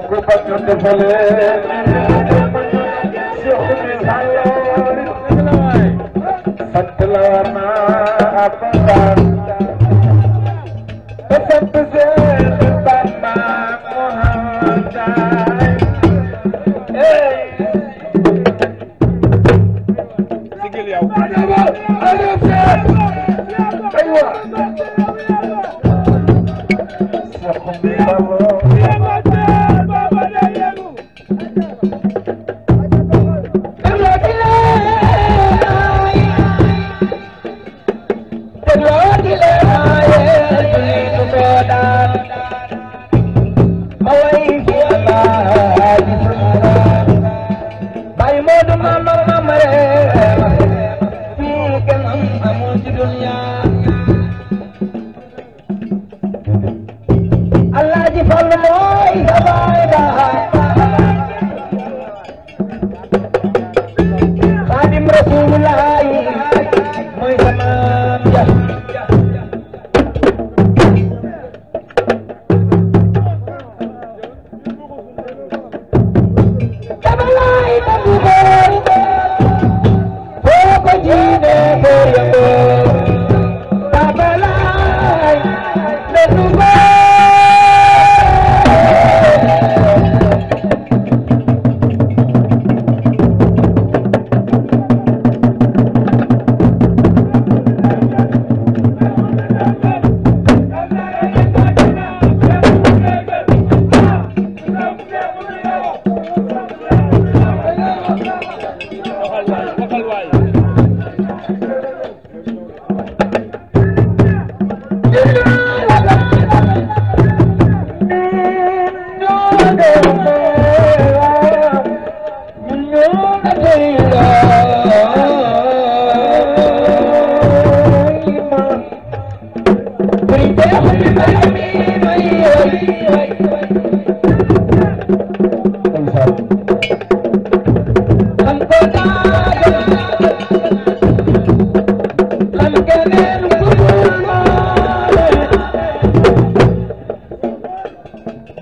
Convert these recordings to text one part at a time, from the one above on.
ko bañu defale Cheikh bi xalaay sant la na abdan sant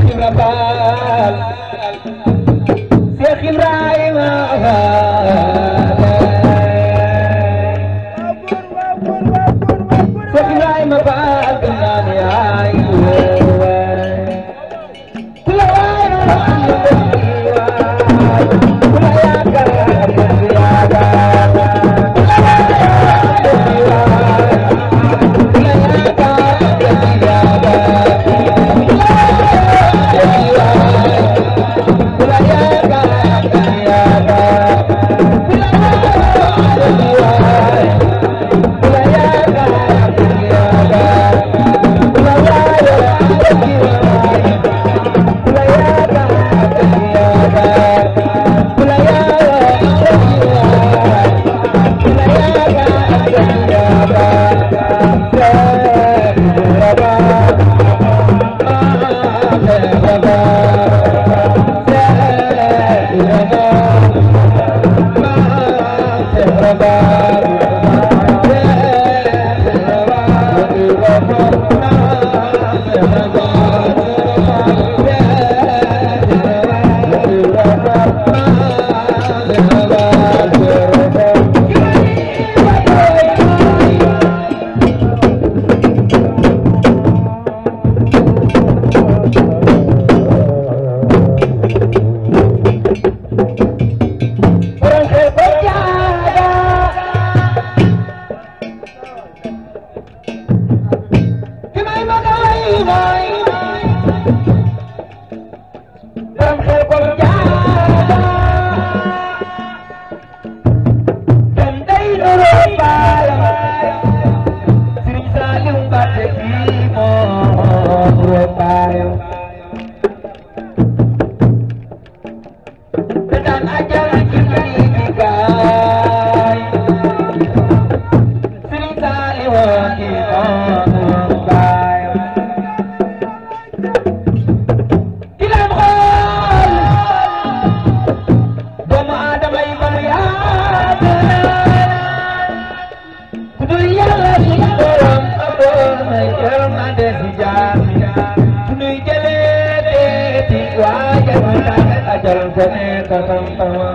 Cheikh Ibrahima Fall Cheikh Ibrahima Fall Thank you. nuy jëlee déedéet waaye mu tànn ajal ko ne ka tam tama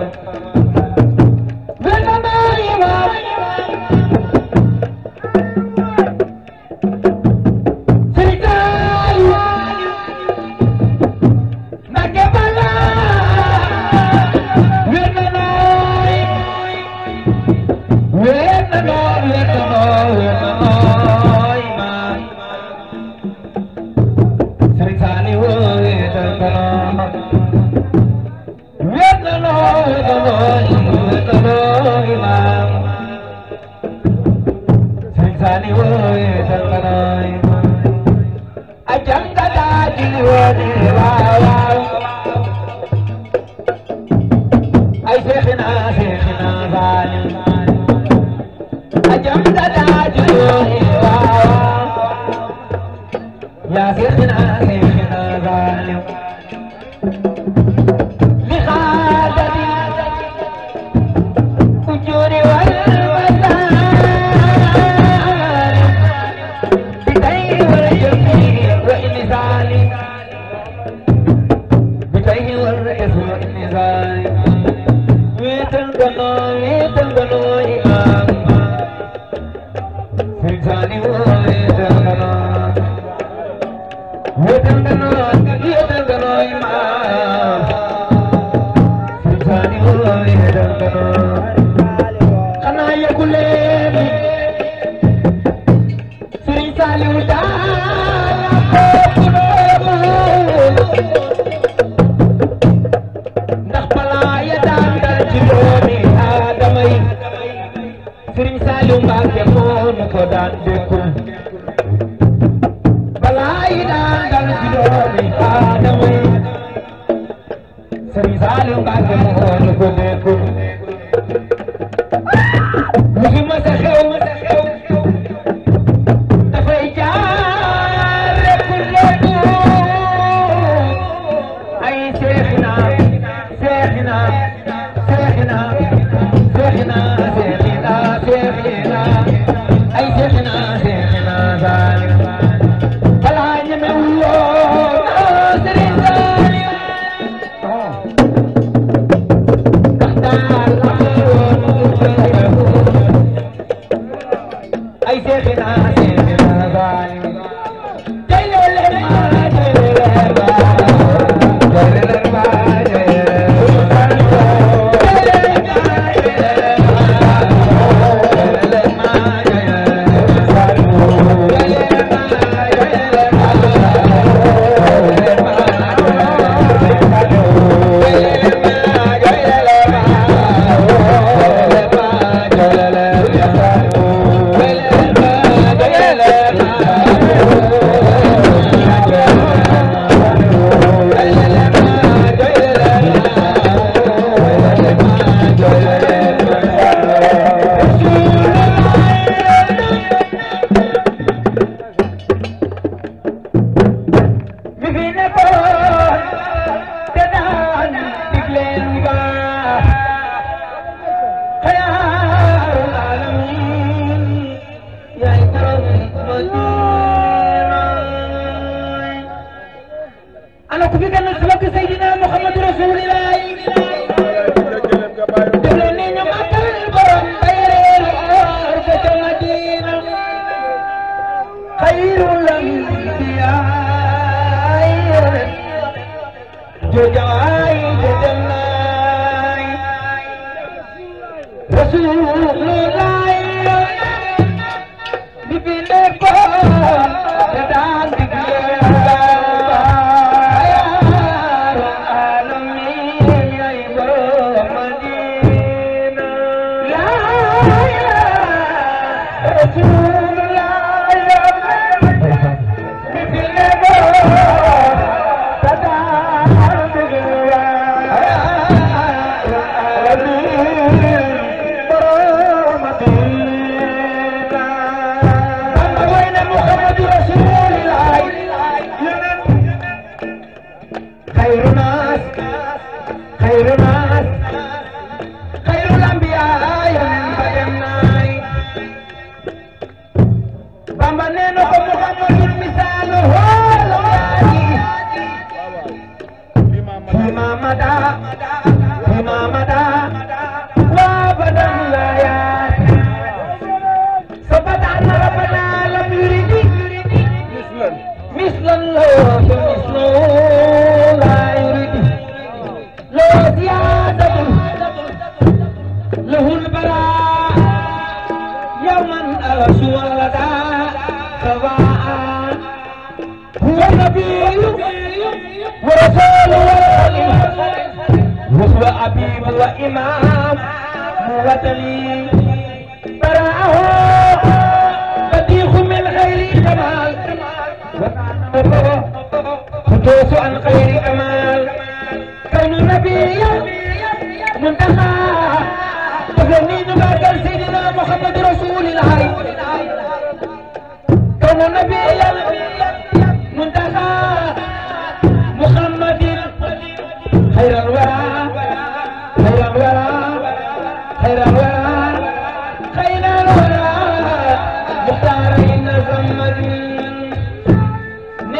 bokk fi gën a bëgg Seydina Muhammadu Rasulullah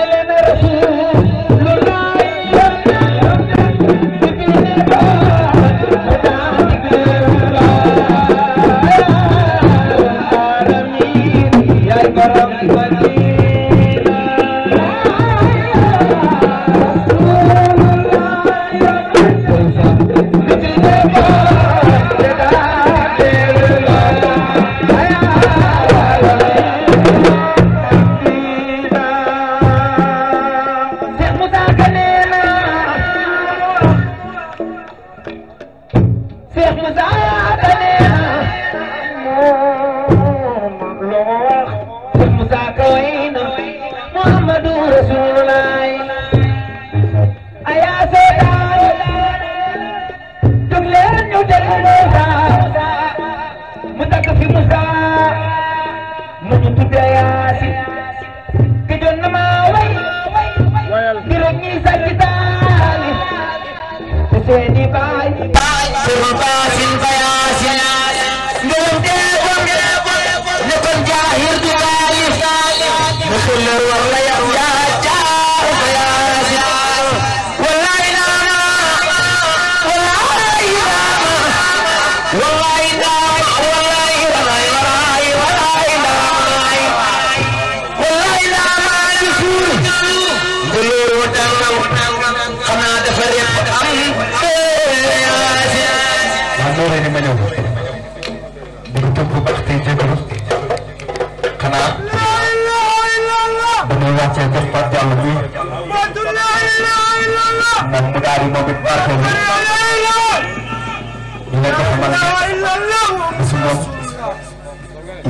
leen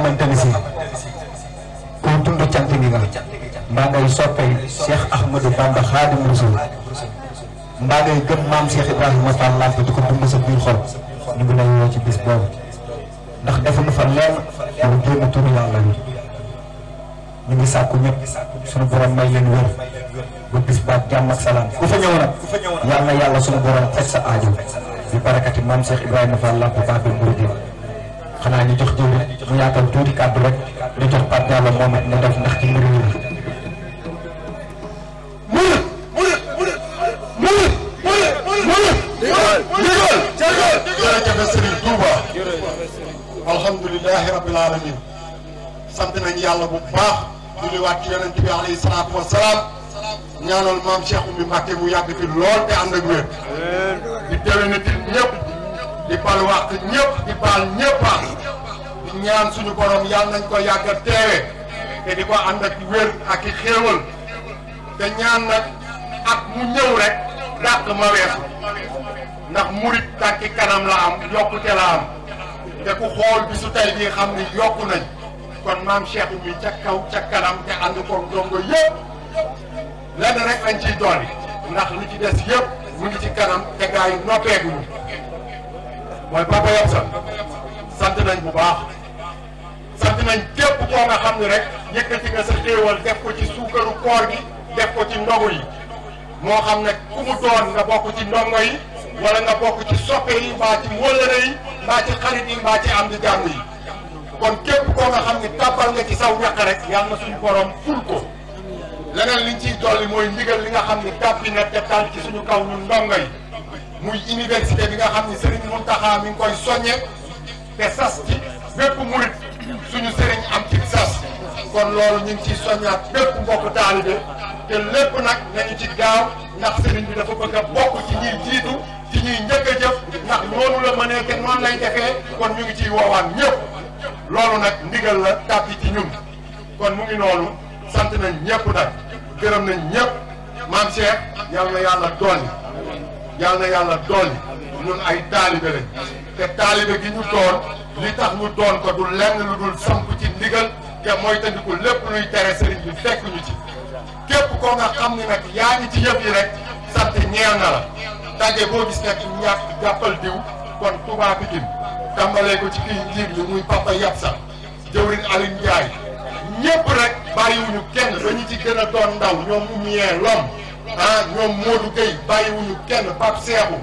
xamante ni si pour dund cant gi nga mbaa ngay soppay Cheikh Ahmadou Bamba Xaadimu Rasuul mbaa ngay gëm maam Cheikh Ibrahima Fall laaj ko di ko dund sa biir xol ñu ngi lay woo ci bis boobu ndax defuñu fa leen pour génn turu yàlla wi ñu ngi sàkku ñëpp suñu borom may leen wér ba bis baat jàmm ak salaam ku fa ñëw nag yàlla yàlla suñu borom faj sa aajo bi barakati maam Cheikh Ibrahima Fall laaj ko baax bi xanaa ñu jox jiw rek mu yaatal tuuti kàddu rek ñu jox Pape Diallo moom it mu def ndax ci mbir mi. jërëjëf Serigne Touba alhamdulilahi rabbil alamin sant nañ yàlla bu baax julliwaat ci yonent bi alayhi salaatu wa salaam ñaanal maam Cheikh Oumy Mbacke mu yàgg fi lool te ànd ak wér di teewe nit ñëpp di bal wax ñëpp di bal ñëpp ah. di ñaan suñu borom yàlla nañ ko yàgg a teewe te di ko ànd ak wér ak i xéewal te ñaan nag ak mu ñëw rekk dàq ma weesu ndax murit tàkki kanam la am yokkute la am te ku xool bi su tey bii xam ni yokku nañ kon maam Cheikh ca kaw ca kanam te ànd koog ndongo yëpp lenn rek lañ ciy dolli ndax lu ci des yëpp mu ngi ci kanam te gaa yi mooy Papa Yobsa sant nañ bu baax sant nañ képp koo nga xam ne rek yëkkati nga sa xéewal def ko ci suukaru koor gi def ko ci ndogu yi moo xam ne ku mu doon nga bokk ci ndongo yi wala nga bokk ci soppe yi mbaa ci wëllëre yi mbaa ci xarit yi mbaa ci am di jàng yi kon képp koo nga xam ne tàbbal nga ci saw ñaq rek yàlla na suñu borom ful ko leneen liñ ciy dolli mooy ndigal li nga xam ne tàbbi na te tànn ci suñu kaw ñun ndongo yi muy université bi nga xam ni Serigne Mountakha mi ngi koy soññe te sas ci bépp murit suñu Serigne am ci sas kon loolu ñu ngi ciy soññaat bépp mbokk taalibe te lépp nag nañu ci gaaw ndax Serigne bi dafa bëgg a bokk ci ñuy jiitu ci ñuy njëkk a jëf ndax noonu la mënee te noonu lay defee kon ñu ngi ciy woowaan ñëpp loolu nag ndigal la tàppi ci ñun kon mu ngi noonu sant nañ ñëpp nag gërëm nañ ñëpp maam Cheikh yàlla na yàlla doon yal na yàlla dolli ñun ay taalibe lañ te taalibe gi ñu doon li tax ñu doon ko du lenn lu dul samp ci ndigal te mooy tandiku lépp luy tere sëriñ bi fekk ñu ci képp koo nga xam ne nag yaa ngi ci yëf yi rek sant ñeel na la daje boo gis nag ñàkk jàppal diw kon Touba Pikine tàmbalee ko ci kii njiit li muy Papa Yapsa jëwriñ Alioune Ndiaye ñëpp rek bàyyiwuñu kenn dañu ci gën a doon ndaw ñoom mu lom ah ñoom Modou Gueye bàyyiwuñu kenn Pape Seexu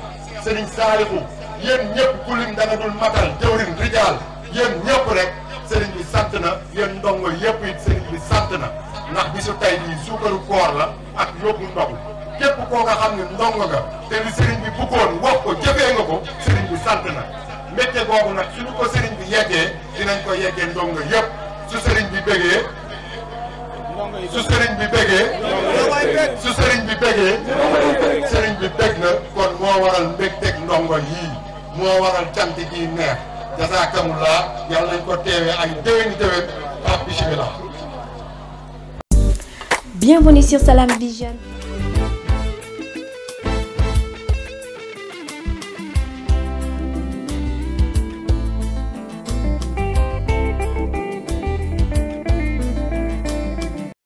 Serigne Saalixu yéen ñëpp ku lim danga dul matal jawrin rijaal yéen ñëpp rek Serigne bi sant na yéen ndongo yëpp it Serigne bi sant na ndax bi su tey jii suukaru koor la ak yóbbu ndogu képp koo nga xam ne ndongo nga te li Serigne bi bëggoon wax ko jëfee nga ko Serigne bi sant na métte googu nag suñu ko Serigne bi yeggee dinañ ko yeggee ndongo yëpp su Serigne bi bëggee su sëriñ bi bëggee su sëriñ bi bëggee sëriñ bi bëgg na kon moo waral mbégteeg ndongo yii moo waral cant gi neex jazaakumullaa yàlla nañ ko teewee ay déwéni déwén ak